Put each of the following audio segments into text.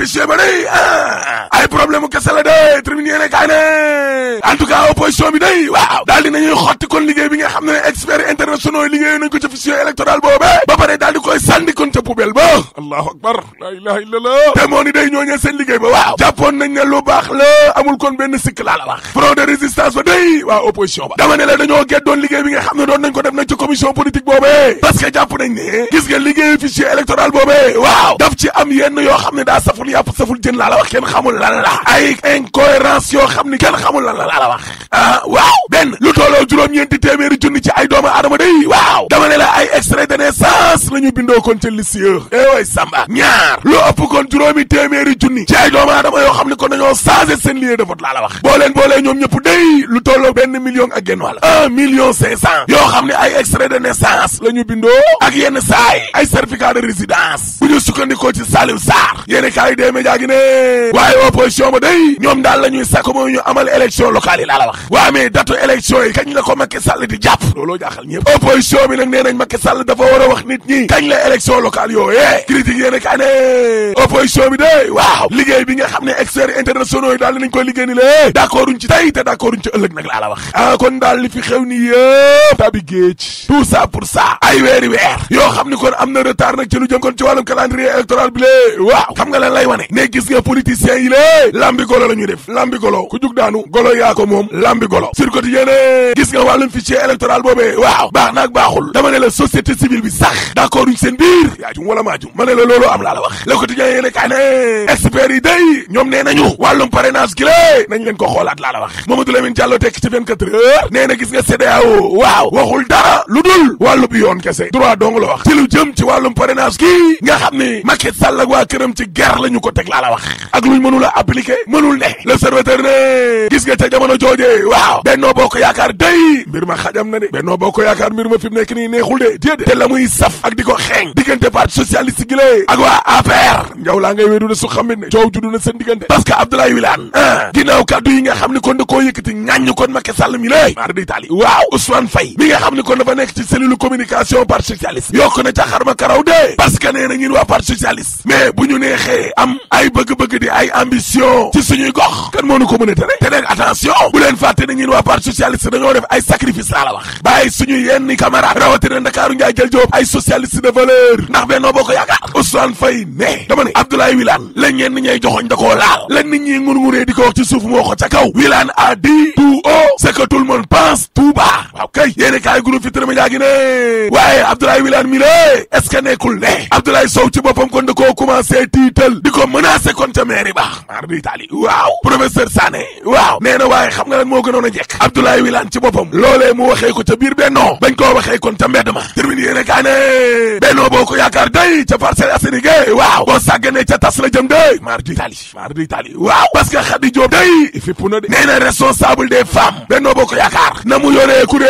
fichier ba day ah. ay problème kese la de tribune yéene kaay ne en tout cas opposition bi day waaw daal di xotti kon liggéey bi nga xam ne experts internationaux yi liggéey nañ ko ci fichier électoral boobee ba pare daal di koy sànni kon ca poubelle ba allahu akbar la ilaha illallah te day ñooñee seen liggéey ba waaw jàppoon nañ lu baax la amul kon benn sikk laa la de résistance ba day waaw opposition ba dama ne la dañoo gét doon liggéey bi nga xam ne doon nañ ko def nag ci commission politique boobee parce que jàpp nañ ne gis nga liggéey fichier ci am yenn yoo xam ne daa saful yàpp saful jën laa la wax kenn xamul lan la ay incohérence yoo xam la laa la wax ah waaw benn lu tooloo juróom-ñeenti téeméeri junni ci ay doomu adama day waaw dama ne la ay extrait de naissance la ñu bindoo kon ca liste yooyu eewaay eh Samba ñaar lu ëpp kon juróomi téeméeri junni ci ay doomu yoo xam ne kon dañoo changé seen lieu de vote laa la wax boo leen ñoom ñëpp day lu tolloo benn million ak genn wàll un million cinq cent yoo xam ne ay extrait de naissance la bindoo ak yenn saay ay certificat de résidence bu ñu sukkandikoo ci Saliou Sarr yéeni kas dee média gi ne waaye opposition ba day ñoom daal la ñuy mooy ñu amal élection a wax nit kañ la élection locale yooyee critique yéen a kaane opposition bi de waaw liggéey bi nga xam ne experts internationaux yi daal nañ ko liggéey ni lé d'accord uñ ci tey te d'accord uñ ci ëllëg nag laa la wax ah kon daal li fi xew ni yëpp tabi géej tout ça pour sa ay weeri weer yoo xam ni kon am na retard nag ci lu jëm kon ci wàllum calendrier électoral bi lée waaw xam nga lan lay wane ne gis nga politiciens yi lée lambi golo la ñuy def lambi golo ku jug daanu golo yaa ko moom lambi golo sur quotidien gis nga wàllum fichier électoral d'accord uñ seen biir yaa jum wala la loolu am laa la wax le quotidien yéene kaa ne la wax Mamadou Lamine Diallo tekk ci 24 heures nee na gis nga waxul dara lu dul wàllu bi yoon kese droit dong la wax ci jëm ci wàllum parrainage gi nga xam ni Macky Sall waa këram ci guerre la ñu ko teg laa la wax ak luñ mënul a mënul ne l'observateur ne gis nga ca jamono joojee waaw bennoo bokk yaakaar day mbir ma xajam na de bennoo bokk yaakaar mbir ma fi mu nekk nii neexul de déedéet te la muy saf ak di ko diggante parti socialiste gi lée ak waa APR njaw laa ngay wéedu ne su xamit ne coow juddu na seen diggante parce que Abdoulaye Wilane ah kaddu yi nga xam ne kon dafa nekk ci cellule communication parti socialiste yokk na ca xarma karaw dee parce que nee na ñun waa parti socialiste mais bu ñu neexee am ay bëgg-bëgg di ay ambition ci suñuy gox kan moo ko mën a tere te nag attention bu leen fàtte ne ñun waa parti socialiste dañoo def ay justice de valeur ndax Benno Bokk Yaakaar Ousmane Faye ne dama ne Abdoulaye Wilane la ñeen ni ñay joxoñ da laal la nit ñi ngur di ko wax ci suuf moo ko ca kaw Wilane a dit tout haut ce que tout le monde pense tout waaw kay yéeni kaay groupe fi tërëma jaagi ne waaye Abdoulaye Wilane mi lé est-ce que nekkul ne Abdoulaye Sow ci boppam kon da koo commencé tiital di ko menacé kon ca mairie ba mar di waaw professeur Sané waaw nee waaye xam nga moo gënoon a njëkk Abdoulaye Wilane ci boppam loolee mu waxee ko ca biir bennoo bañ koo kon ca mbedd ma termine yéene kaay ne bennoo boo day ca Parcelles Assainies waaw boo sàgganee ca tas la jëm de mar di Italie day fipp na de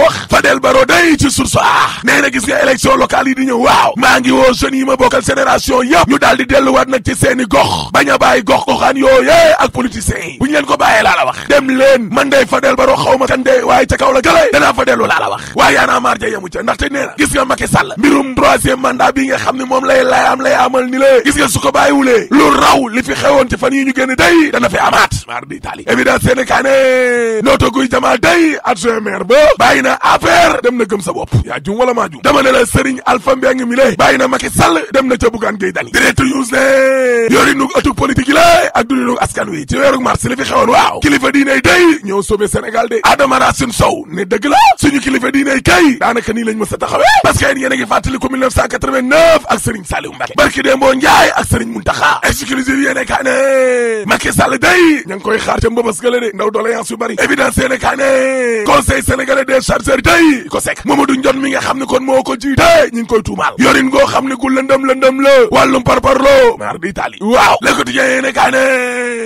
ko wax Fadel Barro day ci source ah nee na gis nga élection locale yi di ñëw waaw maa ngi woo jeunes yi ma bokkal génération yëpp ñu daal di delluwaat nag ci seeni gox bañ a gox goxaan yooyee ak politiciens bu ñu leen ko bàyyee laa la wax dem leen man day Fadel Barro xaw ma kan de waaye ca kaw la gëlay danaa fa dellu laa la wax waaye yaanaa maar ja yemu ca ndaxte nee na gis nga Macky Sall mbirum troisième mandat bi nga xam ne moom lay lay am ni na affaire dem na gëm bopp yaa jum wala maa jum dama ne la Serigne Alpha Mbengue mi lay bàyyi na Macky dem na ca Bougane Gueye Dany direct news ne yori nu ëtug politique yi ak duni askan wi ci weeru mars li fi xewoon waaw kilifa diiney day ñëw sauver Sénégal de Adama Racine Sow ne dëgg la suñu kilifa diiney kay daanaka nii lañ mës a taxawee parce que yéen a ngi fàttali day ña ngi koy xaar ca mbëbës gële de ndaw doléance yu bari évidence yéene kaa ne conseil sénégalais l'observateur day ko sek Mamadou Ndione mi nga xam ne kon moo ko jiite ñu ngi koy tuumaal yorin goo xam ne gu lëndëm lëndëm la wàllum parparloo mar di tali waaw Le Quotidien yéene kaa ne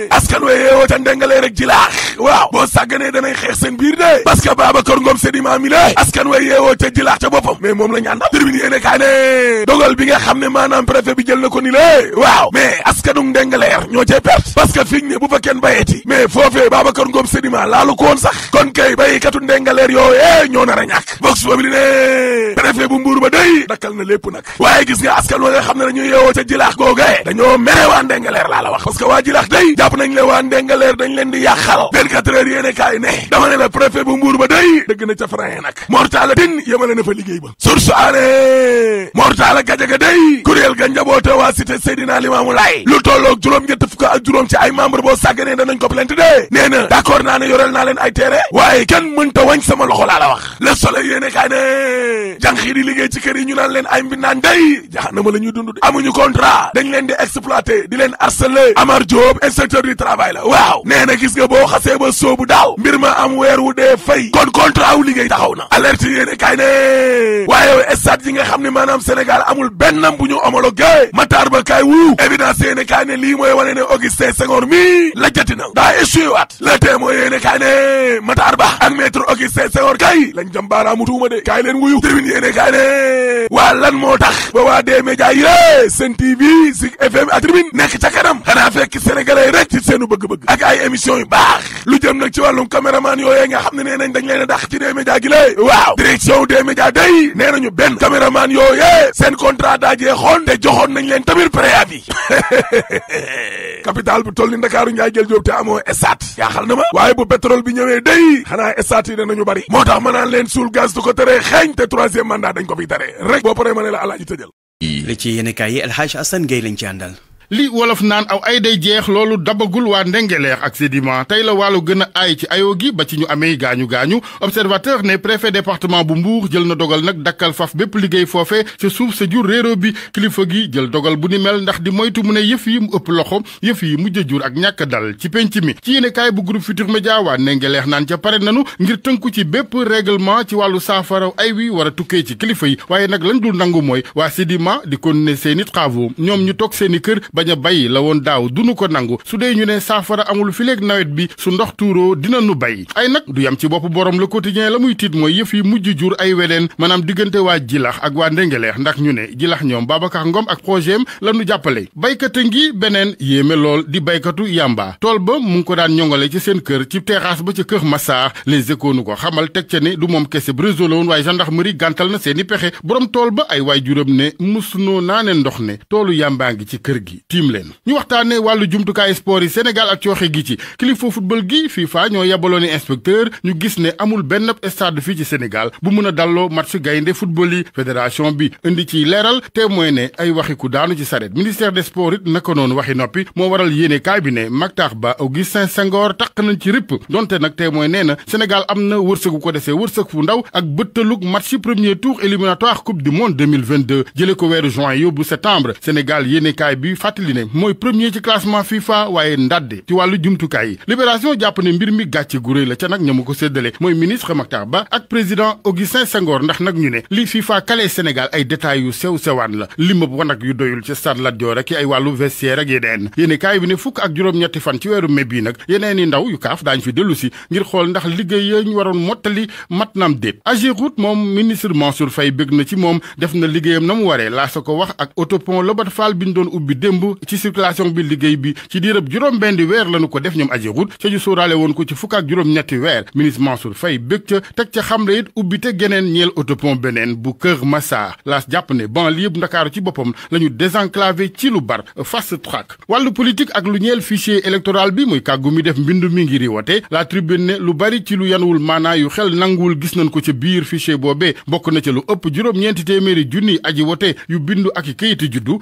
askan we yeewoo ca ndengalee rek ji laax waaw boo sàgganee danay xeex seen biir de parce que Babacar Ngom Sedima mi la askan we yeewoo ca ji laax ca boppam mais moom la ñu àndal tribune yéene kaa ne dogal bi nga xam ne maanaam préfet bi jël na ko ni lée waaw mais askanu ndengaleer ñoo cee perte parce que fiñ ne bu fa kenn bayeeti mais foofee Babacar Ngom Sedima laalu ko woon ñoo nar a ñàkk vox populi ne préfet bu mbuur ba day dakkal na lépp nag waaye gis nga askan wa nga xam ne dañuy yeewoo ca jilaax googee dañoo mere waa ndengaleer laa la wax parce que waa jilaax day jàpp nañ leen waa ndengaleer dañ leen di yàqal 24 heures yéene kaay ne dama ne la préfet bu mbuur ba day dëgg na ca frein a mortala tin yemale na fa liggéey ba source aane mortala gajaga day kuréel ga njaboote waa cité Seydina Limaamu naa ne yoreel la wax le soleil yéene kaay ne jànq yi liggéey ci kër yi ñu naan leen ay mbindaan day a ñu ñuy dund de amuñu contrat dañ leen di exploité di leen harcelé Amar Diop inspecteur du travail la waaw nee na gis nga boo xasee ba soobu daaw mbir ma am weer wu dee fay kon contrat wu liggéey taxaw na alerte yéene kaay ne waaye stade yi nga xam ne maanaam Sénégal amul bennam bu ñu homologué Matar Ba kaay wu évidence yéene kaay ne lii mooy wane ne Augustin Senghor mi la na daa échoué waat le témoin yéene kaay ne kay lañ jam baaraamu tuuma de kaay leen wuyu tribune yéene kaay waa lan moo tax ba waa dee média yi lé Sen TV Zik FM ak tribune nekk ca kanam xanaa fekk sénégalais rek ci seenu bëgg-bëgg ak ay émission yu baax lu jëm nag ci wàllum caméraman yooyee nga xam ne nee dañ leen a dàq ci dee média gi le waaw direction des médias day nee nañu benn caméraman yooyee seen contrat daa jeexoon te joxoon nañ leen tamit préavis capital bu toll ni Ndakaaru Njaay jël jóob na ma waaye bu pétrole bi ñëwee day xanaa estat yi danañu dama leen suul gaz du ko tere xeeñ te troisième mandat dañ ko fiy tere rek boo paree ma ne la alaaji tëjal li ci yéen kaay yi El Hadj Assane lañ ci àndal li wolof naan aw ay day jeex loolu dabagul waa ndengeleer ak Sedima tey la wàllu gën a aay ci ayoo gi ba ci ñu amee gaañu gaañu observateur ne préfet département bu Mbour jël na dogal nag dakkal faf bépp liggéey foofe sa suuf sa jur réeróo bi kilifa gi jël dogal bu ni mel ndax di moytu mu ne yëf yi mu ëpp loxo yëf yi mujj jur ak ñàkk dal ci penc mi. ci kaay bu groupe Futurs Médias waa ndengeleer naan ca pare nanu ngir tënku ci bépp règlement ci wàllu saafara ay wi war a ci kilifa yi waaye nag lañ dul nangu mooy waa Sedima di continuer seeni travaux ñoom ñu toog seeni kër bañ a la woon daaw dunu ko nangu su dee ñu ne saafara amul fileeg nawet bi su ndox tuuroo dina nu bay ay nag du yam ci bopp borom le quotidien la muy tiit mooy yëf yi mujj jur ay wedeen maanaam waa jilax ak waa ndengeleex ndax ñu ne jilax ñoom Babacar Ngom ak projet am la nu jàppale baykata ngi beneen yéeme lool di baykatu yamba tool ba mu ngi ko daan ñongale ci seen kër ci terrasse ba ca kër Massar les échos nu ko xamal teg ca ne du moom kese réseau la sa ndax gendarmerie gàntal na seeni pexe borom tool ba ay waajuram ne musunoo naa ne ndox ne toolu yàmbaa ngi ci kër gi tiim leen ñu waxtaane wàllu jumtukaayu sport yi Sénégal ak cooxe gi ci kilifa football gi FIFA ñoo yabalooni inspecteur ñu gis ne amul benn stade fii ci Sénégal bu mën a dalloo match gaynde football yi fédération bi indi ci leeral témoin ne ay ku daanu ci saret ministère de sports it naka noonu waxi noppi moo waral yéene kaay bi ne Makhtar Ba Augustin Senghor taq nañ ci ripp donte nag te mooy nee na Sénégal am na wërsëgu ko desee wërsëg fu ndaw ak bëttalug match ci premier tour éliminatoire coupe du monde 2022 jële ko weeru juin yóbbu septembre Sénégal yéene fàttali ne mooy premier ci classement FIFA waaye ndàdde ci wàllu jumtukaay yi libération jàpp ne mbir mi gàcce gu rëy la ca nag ñamu ko séddale mooy ministre Makhtar Ba ak président Augustin Senghor ndax nag ñu ne li FIFA kale Sénégal ay détails yu sew sewaan la limab wanag yu doyul ci stade Lat Dior ak ay wàllu vestiaire ak yeneen yéene kaay bi ne fukk ak juróom-ñetti fan ci weeru mai bii nag yeneen i ndaw yu kaaf daañu fi dellu si ngir xool ndax liggéey ya ñu waroon mottali mat naam déet Ageroute moom ministre Mansour Faye bég na ci moom def na liggéeyam na mu waree laa sa ko wax ak autopont Lobat Fall bi ñu doon démb ci circulation bi liggéey bi ci diirëb juróom benn weer lañu ko def ñoom aji route ca ñu sóoraale woon ko ci fukk ak juróom-ñetti weer ministre Mansour Faye bëgg ca teg ca xamle it ubbite geneen ñeel autopont beneen bu Kër Massar laas jàpp ne banlieue bu Ndakaaru ci boppam la ñu désenclavé ci lu bar fast track wàllu politique ak lu ñeel fichier électoral bi muy kàggu mi def mbindu mi ngir wote la tribune lu bari ci lu yanuwul maanaa yu xel nanguwul gis nañ ko ca biir fichier boobee bokk na ca lu ëpp juróom-ñeenti téeméeri junniy aji wote yu bindu ak i kayitu juddu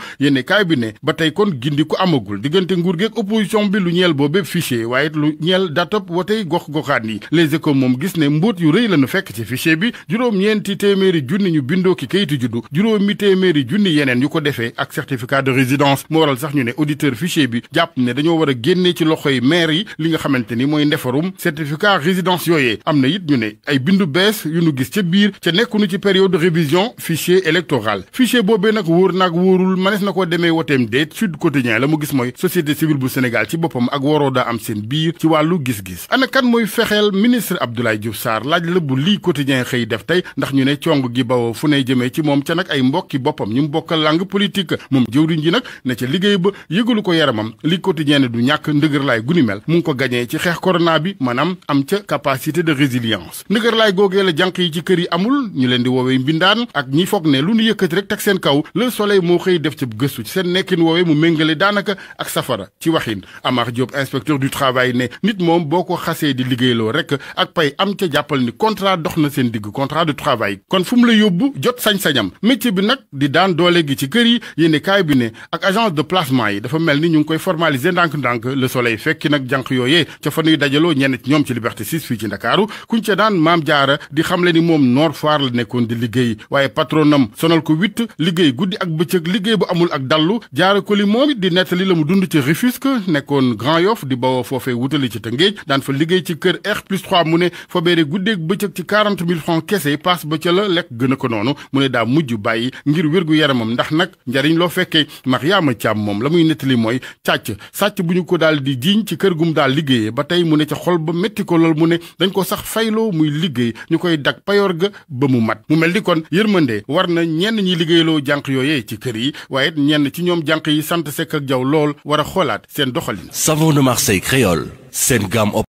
kon gindi ko amagul diggante nguur geeg opposition bi lu ñeel boobee fichier waaye lu ñeel datop wotey gox goxaan yi les échos moom gis ne mbóot yu rëy lañu fekk ci fichier bi juróom-ñeenti téeméeri junni ñu bindoo ki kayitu juddu juróomi téeméeri junni yeneen yu ko defee ak certificat de résidence moo waral sax ñu ne auditeur fichier bi jàpp ne dañoo war a génnee ci loxoy maire yi li nga xamante ni mooy ndefarum certificat résidence yooye am na it ñu ne ay bindu bees yu nu gis ca biir ca nekkunu ci période de révision fichier électoral fichier boobee nag wóor naag wóorul manes na koo demee woteem déet Sud Quotidien la mu gis mooy société civile bu Sénégal ci boppam ak waroo daa am seen biir ci wàllu gis-gis ana kan mooy fexeel ministre Abdoulaye Diouf Sarr laaj la bu lii Quotidien xëy def tey ndax ñu ne cong gi bawoo fu ne jëmee ci moom ca nag ay mbokki boppam ñu mu bokkal langue moom jëwriñ ji nag ne ca liggéey ba yëgalu ko yaramam li Quotidien du ñàkk ndëgërlaay gu mel mu ngi ko gañee ci xeex corona bi maanaam am ca ca gëstu ci seen nekkin mu méngale daanaka ak safara ci waxin Amar Diop inspecteur du travail ne nit moom boo ko xasee di liggéeyloo rek ak pay am ca jàppal ni contrat dox na seen digg contrat de travail kon fu mu la yóbbu jot sañ-sañam métier bi nag di daan doole gi ci kër yi yéene kaay bi ne ak agence de placement yi dafa mel ni ñu ngi koy formaliser ndànk-ndànk le soleil fekki nag jànq yooyee ca fa nuy dajaloo ñenn ci ñoom ci liberté 6 fii ci ndakaaru kuñ ca daan maam jaara di xamle ni moom noor faar la nekkoon di liggéey waaye patronam sonal ko huit liggéey guddi ak bëccëg liggéey bu amul ak dallu li moom it di nettali la mu dund ci Rufisque nekkoon Grand Yoff di bawoo foofee wutali ci Tëngéej daan fa liggéey ci kër R plus 3 mu ne fa beere guddeeg bëccëg ci 40 000 francs kese paas ba ca la lekk gën a ko noonu mu ne daa mujj bàyyi ngir wérgu yaramam ndax nag njariñ loo fekkee Mariama Thiam moom la muy nettali mooy càcc sàcc bu ñu ko daal di jiiñ ci kër gum daal liggéeyee ba tey mu ne ca xol ba métti ko lool mu ne dañ ko sax fayloo muy liggéey ñu koy dag payoor ga ba mu mat mu mel ni kon yërmande war na ñenn ñi liggéeyloo jànq yooyee ci kër yi sant Seck ak Diaw lool war a xoolaat seen doxalin. savon de Marseille créole seen gamme